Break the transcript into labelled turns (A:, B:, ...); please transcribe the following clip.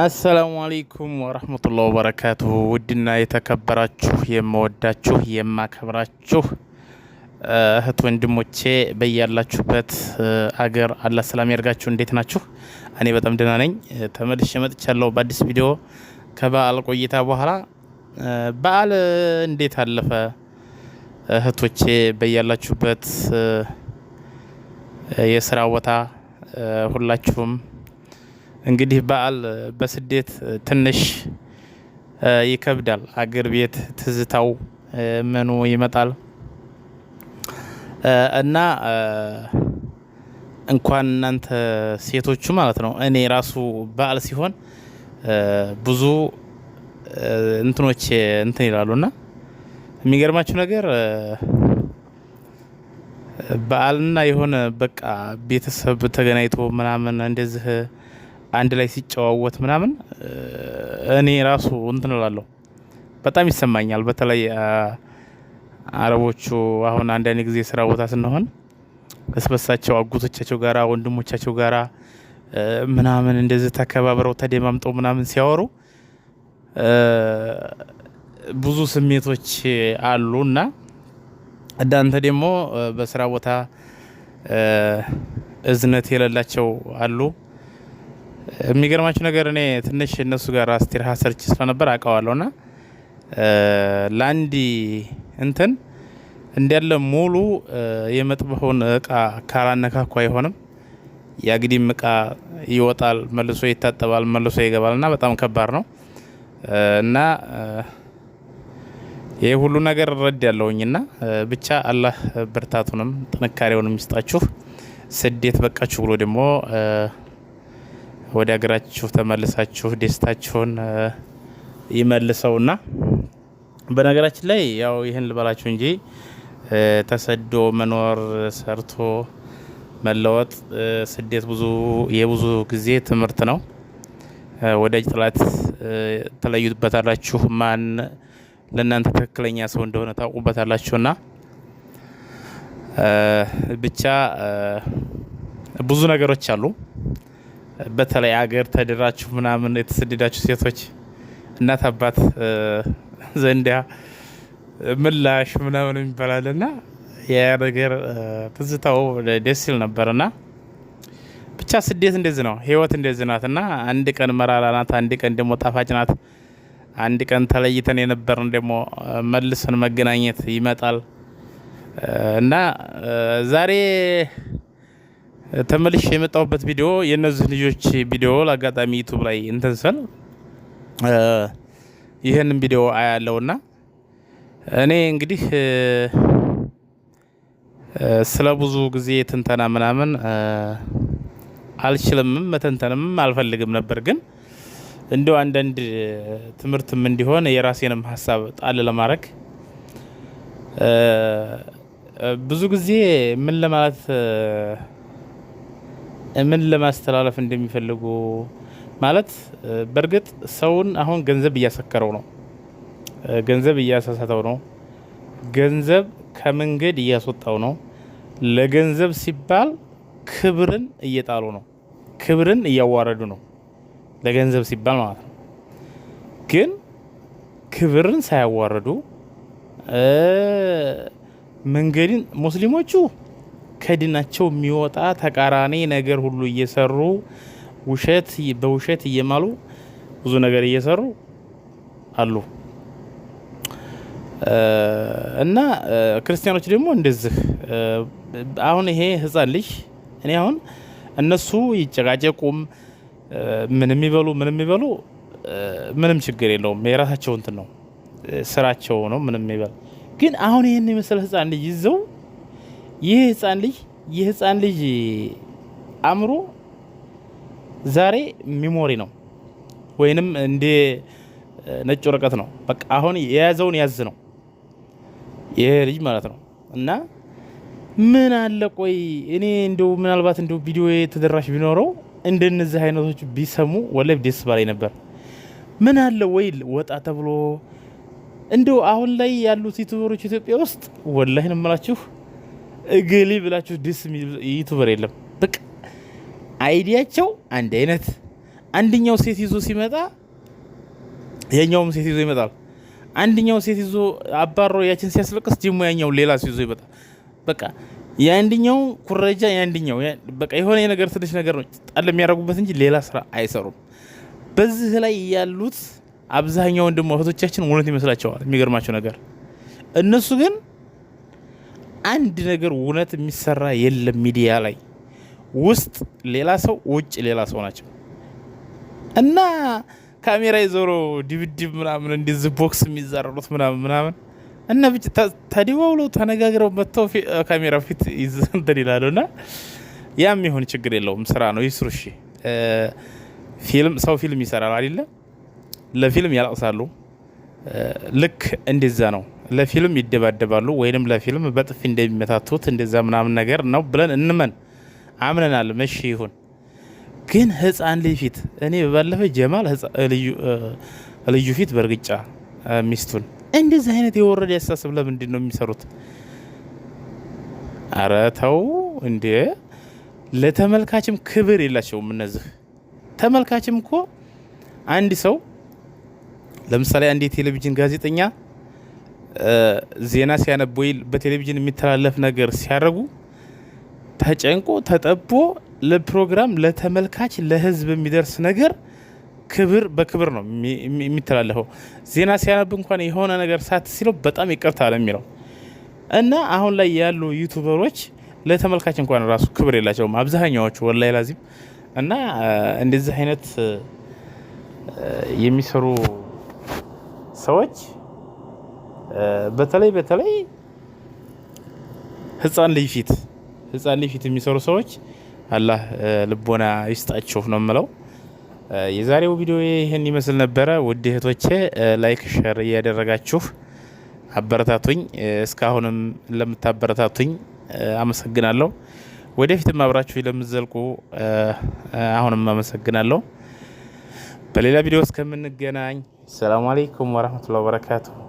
A: አሰላሙ አሌይኩም ወረህመቱላህ ወበረካቱሁ። ውድና የተከበራችሁ የምወዳችሁ የማከብራችሁ እህት ወንድሞቼ በያላችሁበት አገር አላህ ሰላም ያርጋችሁ። እንዴት ናችሁ? እኔ በጣም ደህና ነኝ። ተመልሼ መጥቻለሁ በአዲስ ቪዲዮ ከበዓል ቆይታ በኋላ። በዓል እንዴት አለፈ እህቶቼ? በያላችሁበት የስራ ቦታ ሁላችሁም እንግዲህ በዓል በስደት ትንሽ ይከብዳል። አገር ቤት ትዝታው ምኑ ይመጣል እና እንኳን እናንተ ሴቶቹ ማለት ነው እኔ ራሱ በዓል ሲሆን ብዙ እንትኖች እንትን ይላሉ እና የሚገርማችሁ ነገር በዓልና የሆነ በቃ ቤተሰብ ተገናኝቶ ምናምን እንደዚህ አንድ ላይ ሲጨዋወት ምናምን እኔ ራሱ እንትን እላለሁ በጣም ይሰማኛል። በተለይ አረቦቹ አሁን አንዳንድ ጊዜ ስራ ቦታ ስንሆን በስበሳቸው አጎቶቻቸው ጋራ ወንድሞቻቸው ጋራ ምናምን እንደዚህ ተከባብረው ተደማምጠው ምናምን ሲያወሩ ብዙ ስሜቶች አሉ እና እንዳንተ ደግሞ በስራ ቦታ እዝነት የሌላቸው አሉ። የሚገርማችሁ ነገር እኔ ትንሽ እነሱ ጋር አስቴር ሀሰርች ስለነበር አውቀዋለሁ ና ለአንዲ እንትን እንዲያለ ሙሉ የመጥበሆን እቃ ካላነካኩ አይሆንም። የአግዲም እቃ ይወጣል፣ መልሶ ይታጠባል፣ መልሶ ይገባል እና በጣም ከባድ ነው እና ይህ ሁሉ ነገር ረድ ያለውኝ ና ብቻ አላህ ብርታቱንም ጥንካሬውንም ይስጣችሁ። ስደት በቃችሁ ብሎ ደግሞ ወደ ሀገራችሁ ተመልሳችሁ ደስታችሁን ይመልሰውና በነገራችን ላይ ያው ይህን ልበላችሁ እንጂ ተሰዶ መኖር ሰርቶ መለወጥ ስደት ብዙ የብዙ ጊዜ ትምህርት ነው። ወዳጅ ጠላት ተለዩበታላችሁ። ማን ለእናንተ ትክክለኛ ሰው እንደሆነ ታውቁበታላችሁና ብቻ ብዙ ነገሮች አሉ። በተለይ አገር ተድራችሁ ምናምን የተሰደዳችሁ ሴቶች እናት አባት ዘንዳ ምላሽ ምናምን የሚባላል ና ያ ነገር ትዝታው ደስ ይል ነበር ና ብቻ ስደት እንደዚህ ነው፣ ህይወት እንደዚህ ናት እና አንድ ቀን መራራ ናት፣ አንድ ቀን ደግሞ ጣፋጭ ናት። አንድ ቀን ተለይተን የነበርን ደግሞ መልሰን መገናኘት ይመጣል እና ዛሬ ተመልሽ የመጣሁበት ቪዲዮ የእነዚህ ልጆች ቪዲዮ ለአጋጣሚ ዩቱብ ላይ እንትን ይህንን ቪዲዮ አያለውና እኔ እንግዲህ ስለ ብዙ ጊዜ ትንተና ምናምን አልችልምም መተንተንም አልፈልግም ነበር። ግን እንዲሁ አንዳንድ ትምህርትም እንዲሆን የራሴንም ሀሳብ ጣል ለማድረግ ብዙ ጊዜ ምን ለማለት ምን ለማስተላለፍ እንደሚፈልጉ ማለት በእርግጥ ሰውን አሁን ገንዘብ እያሰከረው ነው፣ ገንዘብ እያሳሳተው ነው፣ ገንዘብ ከመንገድ እያስወጣው ነው። ለገንዘብ ሲባል ክብርን እየጣሉ ነው፣ ክብርን እያዋረዱ ነው። ለገንዘብ ሲባል ማለት ነው። ግን ክብርን ሳያዋረዱ መንገድን ሙስሊሞቹ ከድናቸው የሚወጣ ተቃራኒ ነገር ሁሉ እየሰሩ ውሸት በውሸት እየማሉ ብዙ ነገር እየሰሩ አሉ እና ክርስቲያኖች ደግሞ እንደዚህ አሁን ይሄ ህፃን ልጅ እኔ አሁን እነሱ ይጨቃጨቁም ምን የሚበሉ ምንም የሚበሉ ምንም ችግር የለውም። የራሳቸው እንትን ነው ስራቸው ነው ምንም ይበል። ግን አሁን ይህን የመሰለ ህፃን ልጅ ይዘው ይህ ህፃን ልጅ ይህ ህፃን ልጅ አእምሮ ዛሬ ሚሞሪ ነው ወይንም እንደ ነጭ ወረቀት ነው። በቃ አሁን የያዘውን ያዝ ነው ይሄ ልጅ ማለት ነው። እና ምን አለ ቆይ እኔ እንደው ምናልባት እንደው ቪዲዮ ተደራሽ ቢኖረው እንደነዚህ አይነቶች ቢሰሙ ወላይ ደስ ባላይ ነበር። ምን አለ ወይ ወጣ ተብሎ እንደው አሁን ላይ ያሉት ዩቱበሮች ኢትዮጵያ ውስጥ ነው ምላችሁ? እግሊ ብላችሁ የሚል ዩቱበር የለም። በቃ አይዲያቸው አንድ አይነት፣ አንድኛው ሴት ይዞ ሲመጣ የኛውም ሴት ይዞ ይመጣል። አንድኛው ሴት ይዞ አባሮ ያችን ሲያስለቅስ ጅሞ ያኛው ሌላ ሲይዞ ይመጣል። በቃ የአንድኛው ኩረጃ የአንድኛው በቃ የሆነ የነገር ትንሽ ነገር ነው ጣል የሚያደርጉበት እንጂ ሌላ ስራ አይሰሩም። በዚህ ላይ ያሉት አብዛኛው ወንድም እህቶቻችን እውነት ይመስላቸዋል። የሚገርማቸው ነገር እነሱ ግን አንድ ነገር እውነት የሚሰራ የለም። ሚዲያ ላይ ውስጥ ሌላ ሰው፣ ውጭ ሌላ ሰው ናቸው እና ካሜራ የዞሮ ድብድብ ምናምን እንደዚህ ቦክስ የሚዛረሩት ምናምን ምናምን እና ብቻ ተደዋውለው ተነጋግረው መጥተው ካሜራ ፊት እንትን ይላሉ እና ያም የሆን ችግር የለውም። ስራ ነው ይስሩ። እሺ ፊልም ሰው ፊልም ይሰራል አይደለም ለፊልም ያለቅሳሉ። ልክ እንደዛ ነው። ለፊልም ይደባደባሉ ወይንም ለፊልም በጥፊ እንደሚመታቱት እንደዛ ምናምን ነገር ነው ብለን እንመን አምነናል። መሽ ይሁን ግን ህፃን ልጅ ፊት እኔ ባለፈ ጀማል ልዩ ፊት በእርግጫ ሚስቱን እንደዚህ አይነት የወረደ ያሳስብ ለምንድን ነው የሚሰሩት? አረ ተው እንዴ! ለተመልካችም ክብር የላቸውም እነዚህ። ተመልካችም እኮ አንድ ሰው ለምሳሌ አንድ የቴሌቪዥን ጋዜጠኛ ዜና ሲያነብ ወይ በቴሌቪዥን የሚተላለፍ ነገር ሲያደርጉ ተጨንቆ ተጠቦ ለፕሮግራም ለተመልካች ለህዝብ የሚደርስ ነገር ክብር በክብር ነው የሚተላለፈው። ዜና ሲያነብ እንኳን የሆነ ነገር ሳት ሲለው በጣም ይቅርታ የሚለው እና አሁን ላይ ያሉ ዩቱበሮች ለተመልካች እንኳን ራሱ ክብር የላቸውም አብዛኛዎቹ ወላይ ላዚም እና እንደዚህ አይነት የሚሰሩ ሰዎች በተለይ በተለይ ህፃን ልጅ ፊት ህፃን ልጅ ፊት የሚሰሩ ሰዎች አላህ ልቦና ይስጣችሁ ነው የምለው። የዛሬው ቪዲዮ ይህን ይመስል ነበረ። ውድ እህቶቼ ላይክ፣ ሸር እያደረጋችሁ አበረታቱኝ። እስካሁንም ለምታበረታቱኝ አመሰግናለሁ። ወደፊትም አብራችሁ ለምትዘልቁ አሁንም አመሰግናለሁ። በሌላ ቪዲዮ እስከምንገናኝ ሰላሙ አሌይኩም ወረህመቱላሂ ወበረካቱሁ።